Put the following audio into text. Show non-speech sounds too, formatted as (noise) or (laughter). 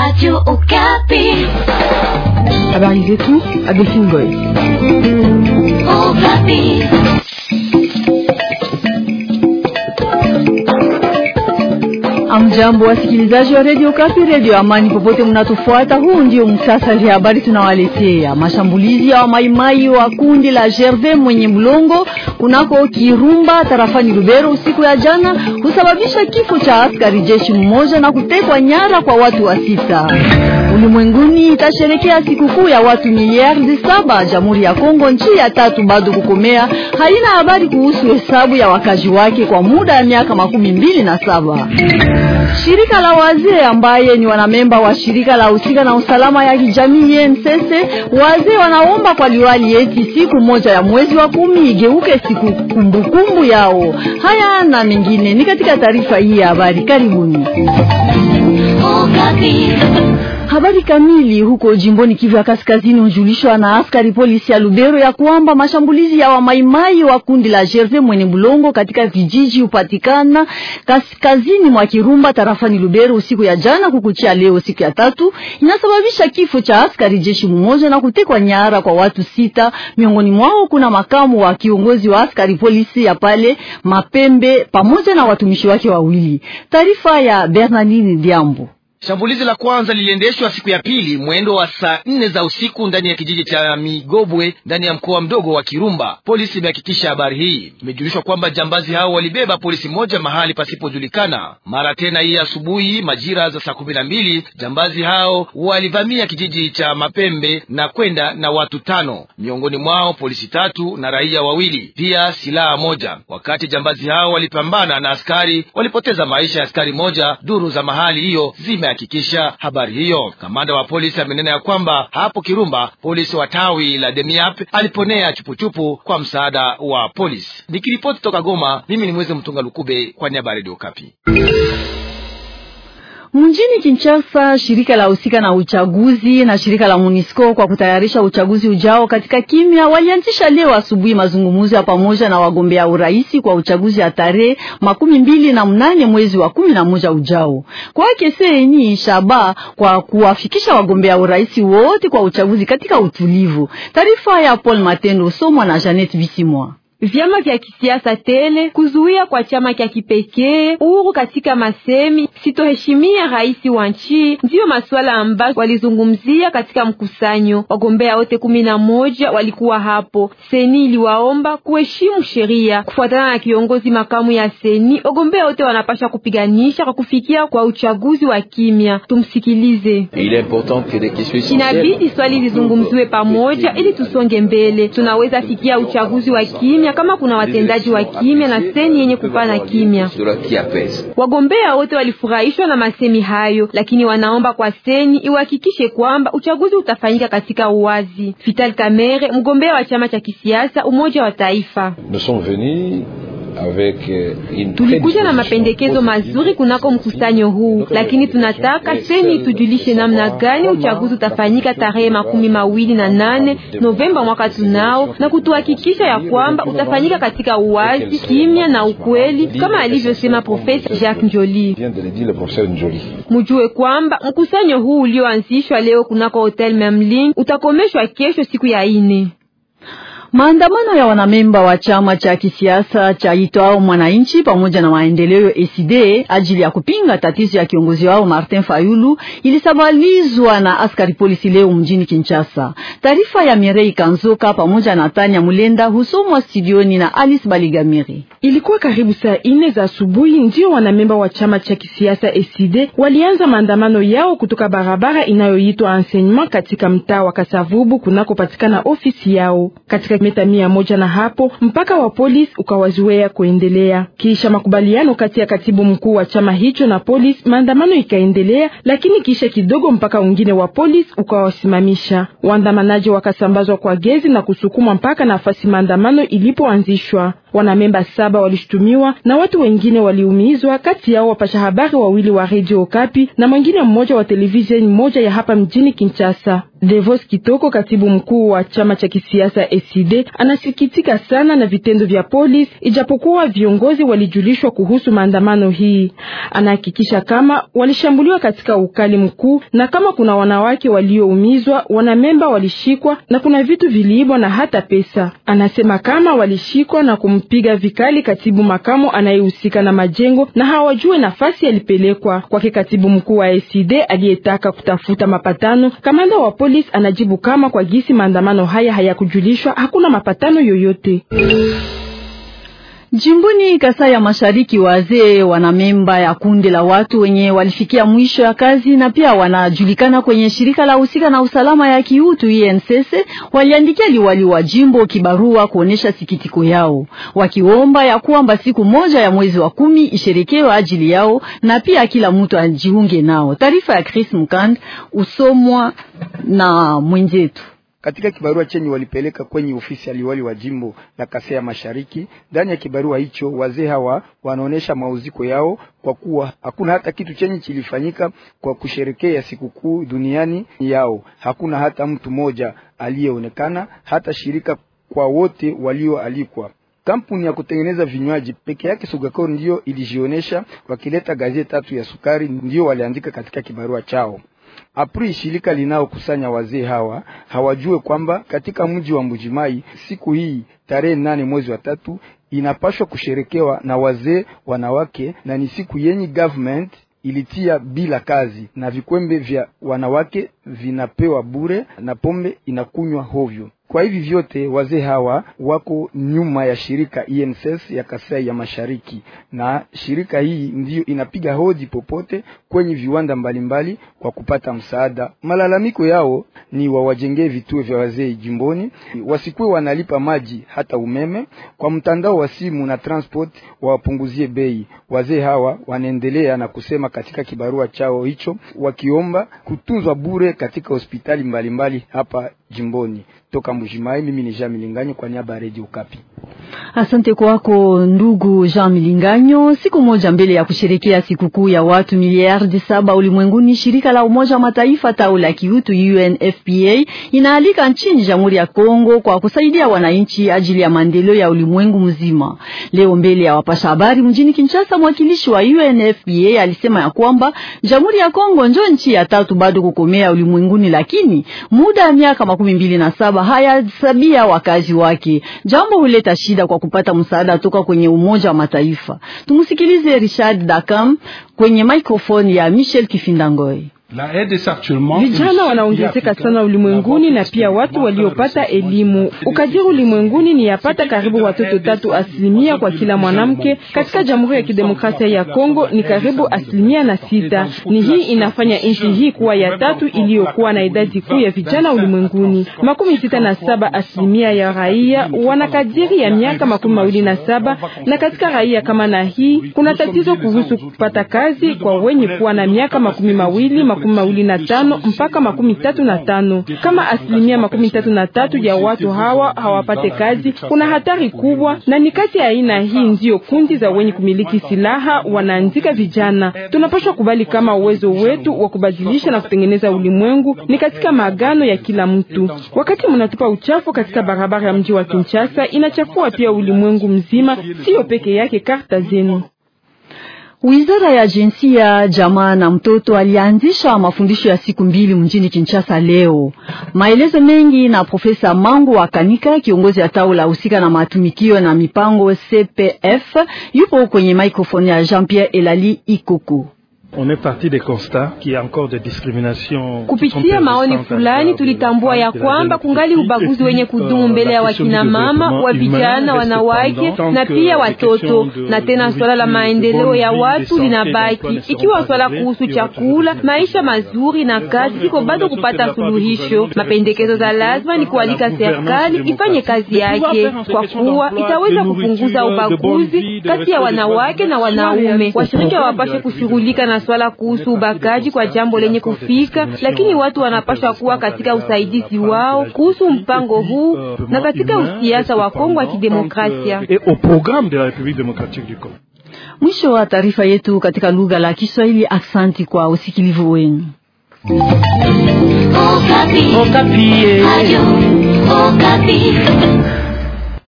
Radio Okapi. Habari zetu, Abesin Goy. Okapi. Amjambo, wasikilizaji wa redio Kapi, redio Amani popote mnatufuata. Huu ndio ya habari tunawaletea. Mashambulizi ya wamaimai wa kundi la Gervais mwenye mlongo kunako Kirumba tarafani Rubero usiku ya jana husababisha kifo cha askari jeshi mmoja na kutekwa nyara kwa watu wa sita ulimwenguni itasherekea sikukuu ya watu miliardi saba. Jamhuri ya Kongo, nchi ya tatu bado kukomea, haina habari kuhusu hesabu ya wakazi wake kwa muda ya miaka makumi mbili na saba. Shirika la wazee ambaye ni wanamemba wa shirika la husika na usalama ya kijamii YMCC, wazee wanaomba kwa liwali eti siku moja ya mwezi wa kumi igeuke siku kumbukumbu kumbu yao. Haya na mengine ni katika taarifa hii ya habari. Karibuni. Oh, Habari kamili huko jimboni Kivu ya Kaskazini hujulishwa na askari polisi ya Lubero ya kwamba mashambulizi ya wamaimai wa kundi la Gerve Mwene Bulongo katika vijiji hupatikana kaskazini mwa Kirumba tarafani Lubero usiku ya jana kukuchia leo siku ya tatu inasababisha kifo cha askari jeshi mmoja na kutekwa nyara kwa watu sita. Miongoni mwao kuna makamu wa kiongozi wa askari polisi ya pale Mapembe pamoja na watumishi wake wawili. Taarifa ya bernardini Diambo. Shambulizi la kwanza liliendeshwa siku ya pili mwendo wa saa nne za usiku ndani ya kijiji cha Migobwe ndani ya mkoa mdogo wa Kirumba. Polisi imehakikisha habari hii. Imejulishwa kwamba jambazi hao walibeba polisi moja mahali pasipojulikana. Mara tena hii asubuhi majira za saa kumi na mbili jambazi hao walivamia kijiji cha Mapembe na kwenda na watu tano, miongoni mwao polisi tatu na raia wawili, pia silaha moja. Wakati jambazi hao walipambana na askari, walipoteza maisha ya askari moja. Duru za mahali hiyo zime amehakikisha habari hiyo. Kamanda wa polisi amenena ya kwamba hapo Kirumba polisi wa tawi la Demiap aliponea chupuchupu kwa msaada wa polisi. Nikiripoti toka Goma, mimi ni Mwezi Mtunga Lukube kwa niaba ya Radio Okapi. Mjini Kinshasa, shirika la husika na uchaguzi na shirika la munisco kwa kutayarisha uchaguzi ujao katika kimya walianzisha leo asubuhi mazungumzo ya pamoja na wagombea uraisi kwa uchaguzi ya tarehe makumi mbili na mnane mwezi wa kumi na moja ujao. Kwake Seni Shaba kwa kuwafikisha wagombea uraisi wote kwa uchaguzi katika utulivu. Taarifa ya Paul Matendo somwa na Janet Bisimwa vyama vya kisiasa tele, kuzuia kwa chama cha kipekee uhuru katika masemi, sitoheshimia rais wa nchi, ndiyo masuala ambayo walizungumzia katika mkusanyo. Wagombea wote kumi na moja walikuwa hapo. Seni iliwaomba kuheshimu sheria. Kufuatana na kiongozi makamu ya Seni, wagombea wote wanapasha kupiganisha kwa kufikia kwa uchaguzi wa kimya. Tumsikilize. Inabidi swali lizungumziwe pamoja ili tusonge mbele. Tunaweza fikia uchaguzi wa kimya kujulisha kama kuna watendaji wa kimya na seni yenye kupana kimya. Wagombea wote walifurahishwa na masemi hayo, lakini wanaomba kwa seni iwahakikishe kwamba uchaguzi utafanyika katika uwazi. Vital Kamerhe, mgombea wa chama cha kisiasa Umoja wa Taifa. Euh, tulikuja na mapendekezo mazuri kunako mkusanyo huu, euh, lakini tunataka seni tujulishe namna gani uchaguzi utafanyika tarehe makumi mawili na nane Novemba mwaka tunao, na kutuhakikisha ya kwamba utafanyika katika uwazi, kimya na ukweli, kama alivyosema Profesa Jacques Njoli. Mujue kwamba mkusanyo huu ulioanzishwa leo kunako Hotel Memling utakomeshwa kesho siku ya ine. Maandamano ya wanamemba wa chama cha kisiasa cha itwao Mwananchi pamoja na maendeleo ECD ajili ya kupinga tatizo ya kiongozi wao Martin Fayulu ilisabalizwa na askari polisi leo mjini Kinshasa. Taarifa ya Mirei Kanzoka pamoja na Tanya Mulenda husomwa studioni na Alice Baligamiri. Ilikuwa karibu saa ine za asubuhi ndio wanamemba wa chama cha kisiasa ECD walianza maandamano yao kutoka barabara inayoitwa Enseignement katika mtaa wa Kasavubu kunakopatikana ofisi yao katika kilomita mia moja na hapo mpaka wa polisi ukawazuia kuendelea. Kisha makubaliano kati ya katibu mkuu wa chama hicho na polisi, maandamano ikaendelea, lakini kisha kidogo mpaka wengine wa polisi ukawasimamisha. Waandamanaji wakasambazwa kwa gezi na kusukumwa mpaka nafasi maandamano ilipoanzishwa wanamemba saba walishutumiwa na watu wengine waliumizwa, kati yao wapasha habari wawili wa redio Okapi na mwingine mmoja wa televisheni moja ya hapa mjini Kinshasa. Devos Kitoko, katibu mkuu wa chama cha kisiasa ACD, anasikitika sana na vitendo vya polisi, ijapokuwa viongozi walijulishwa kuhusu maandamano hii. Anahakikisha kama walishambuliwa katika ukali mkuu na kama kuna wanawake walioumizwa, wanamemba walishikwa na kuna vitu viliibwa na hata pesa. Anasema kama walishikwa na kum kumpiga vikali katibu makamo anayehusika na majengo na hawajue nafasi yalipelekwa kwake. Katibu mkuu wa ACD aliyetaka kutafuta mapatano, kamanda wa polisi anajibu kama kwa gisi maandamano haya hayakujulishwa hakuna mapatano yoyote jimbuni Kasai ya Mashariki, wazee wana memba ya kundi la watu wenye walifikia mwisho ya kazi na pia wanajulikana kwenye shirika la husika na usalama ya kiutu INSS waliandikia liwali wa jimbo kibarua kuonesha sikitiko yao, wakiomba ya kwamba siku moja ya mwezi wa kumi isherekewe ajili yao na pia kila mtu ajiunge nao. Taarifa ya Chris Mkand usomwa na mwenzetu katika kibarua chenye walipeleka kwenye ofisi aliwali wa jimbo la Kasea Mashariki, ndani ya kibarua hicho wazee hawa wanaonesha mauziko yao kwa kuwa hakuna hata kitu chenye kilifanyika kwa kusherekea sikukuu duniani yao. Hakuna hata mtu mmoja aliyeonekana, hata shirika kwa wote walioalikwa. Kampuni ya kutengeneza vinywaji peke yake Sugakor ndiyo ilijionesha wakileta gazeti tatu ya sukari, ndiyo waliandika katika kibarua chao. Apri shirika linayokusanya wazee hawa hawajue kwamba katika mji wa Mbujimai siku hii tarehe nane mwezi wa tatu inapashwa kusherekewa na wazee wanawake, na ni siku yenye government ilitia bila kazi na vikwembe vya wanawake vinapewa bure na pombe inakunywa hovyo. Kwa hivi vyote wazee hawa wako nyuma ya shirika INSS ya Kasai ya Mashariki, na shirika hii ndiyo inapiga hodi popote kwenye viwanda mbalimbali mbali kwa kupata msaada. Malalamiko yao ni wawajengee vituo vya wazee jimboni, wasikuwe wanalipa maji hata umeme. Kwa mtandao wa simu na transport wawapunguzie bei. Wazee hawa wanaendelea na kusema katika kibarua chao hicho, wakiomba kutunzwa bure katika hospitali mbalimbali mbali hapa jimboni. Toka mbujimai mimi ni Jean Milinganyo kwa niaba ya Radio Kapi. Asante kwako ndugu Jean Milinganyo. Siku moja mbele ya kusherekea sikukuu ya watu miliardi saba ulimwenguni, shirika la Umoja wa Mataifa tau la kiutu UNFPA inaalika nchini Jamhuri ya Kongo kwa kusaidia wananchi ajili ya maendeleo ya ulimwengu mzima. Leo mbele ya wapasha habari mjini Kinshasa, mwakilishi wa UNFPA alisema ya kwamba Jamhuri ya Kongo njo nchi ya tatu bado kukomea ulimwenguni, lakini muda ya miaka makumi mbili na saba hayasabia wakazi wake, jambo huleta shida kwa kupata msaada toka kwenye Umoja wa Mataifa. Tumusikilize Richard Dakam kwenye microphone ya Michel Kifindangoi. Vijana wanaongezeka sana ulimwenguni na pia watu waliopata elimu. Ukadiri ulimwenguni ni yapata karibu watoto tatu asilimia kwa kila mwanamke. Katika Jamhuri ya Kidemokrasia ya Kongo ni karibu asilimia na sita. Ni hii inafanya nchi hii kuwa ya tatu iliyokuwa na idadi kuu ya vijana ulimwenguni. Makumi sita na saba asilimia ya raia wanakadiri ya miaka makumi mawili na saba, na katika raia kama na hii kuna tatizo kuhusu kupata kazi kwa wenye kuwa na miaka makumi mawili makumi mawili na tano mpaka makumi tatu na tano. Kama asilimia makumi tatu na tatu ya watu hawa hawapate kazi, kuna hatari kubwa, na ni kati ya aina hii ndiyo kundi za wenye kumiliki silaha wanaandika vijana. Tunapaswa kubali kama uwezo wetu wa kubadilisha na kutengeneza ulimwengu ni katika maagano ya kila mtu. Wakati mnatupa uchafu katika barabara ya mji wa Kinshasa, inachafua pia ulimwengu mzima, siyo peke yake karta zenu. Wizara ya Jinsia, Jamaa na Mtoto alianzisha mafundisho ya siku mbili mjini Kinshasa leo. Maelezo mengi na Profesa Mangu wa Kanika, kiongozi ya tawi la husika na matumikio na mipango CPF, yupo kwenye mikrofoni ya Jean Pierre Elali Ikuku. Kupitia maoni fulani tulitambua ya kwamba kungali ubaguzi wenye kudumu euh, mbele ya wakina mama, wa vijana, wanawake na pia watoto. Na tena swala la maendeleo ya watu linabaki, ikiwa swala kuhusu chakula, maisha mazuri na kazi, kiko bado kupata suluhisho. Mapendekezo za lazima ni kualika serikali ifanye kazi yake, kwa kuwa itaweza kupunguza ubaguzi kati ya wanawake na wanaume. Washirika wapashe kushughulika na maswala kuhusu ubakaji kwa jambo lenye kufika, lakini watu wanapaswa kuwa katika usaidizi wao kuhusu mpango huu na katika usiasa wa Kongo ya Kidemokrasia. Mwisho wa taarifa yetu katika lugha la Kiswahili. Asanti kwa usikilivu wenu. Okapi. Okapi. Eh. (laughs)